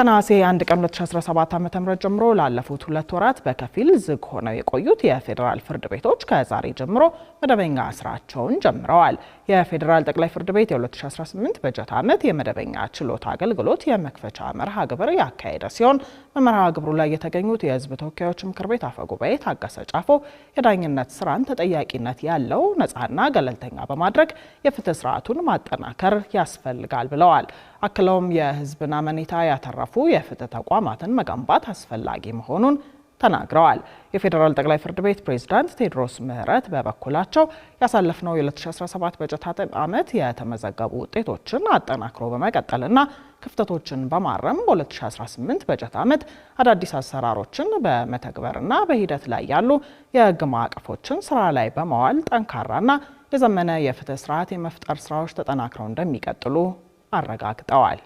ከነሐሴ 1 ቀን 2017 ዓ.ም ጀምሮ ላለፉት ሁለት ወራት በከፊል ዝግ ሆነው የቆዩት የፌዴራል ፍርድ ቤቶች ከዛሬ ጀምሮ መደበኛ ስራቸውን ጀምረዋል። የፌዴራል ጠቅላይ ፍርድ ቤት የ2018 በጀት ዓመት የመደበኛ ችሎት አገልግሎት የመክፈቻ መርሃ ግብር ያካሄደ ሲሆን በመርሃ ግብሩ ላይ የተገኙት የህዝብ ተወካዮች ምክር ቤት አፈ ጉባኤ ታገሰ ጫፎ የዳኝነት ስራን ተጠያቂነት ያለው ነፃና ገለልተኛ በማድረግ የፍትህ ስርዓቱን ማጠናከር ያስፈልጋል ብለዋል። አክለውም የሕዝብን አመኔታ ያተረፉ የፍትህ ተቋማትን መገንባት አስፈላጊ መሆኑን ተናግረዋል። የፌዴራል ጠቅላይ ፍርድ ቤት ፕሬዝዳንት ቴዎድሮስ ምህረት በበኩላቸው ያሳለፍነው የ2017 በጀት ዓመት የተመዘገቡ ውጤቶችን አጠናክሮ በመቀጠልና ክፍተቶችን በማረም በ2018 በጀት ዓመት አዳዲስ አሰራሮችን በመተግበርና በሂደት ላይ ያሉ የህግ ማዕቀፎችን ስራ ላይ በመዋል ጠንካራና የዘመነ የፍትህ ስርዓት የመፍጠር ስራዎች ተጠናክረው እንደሚቀጥሉ አረጋግጠዋል።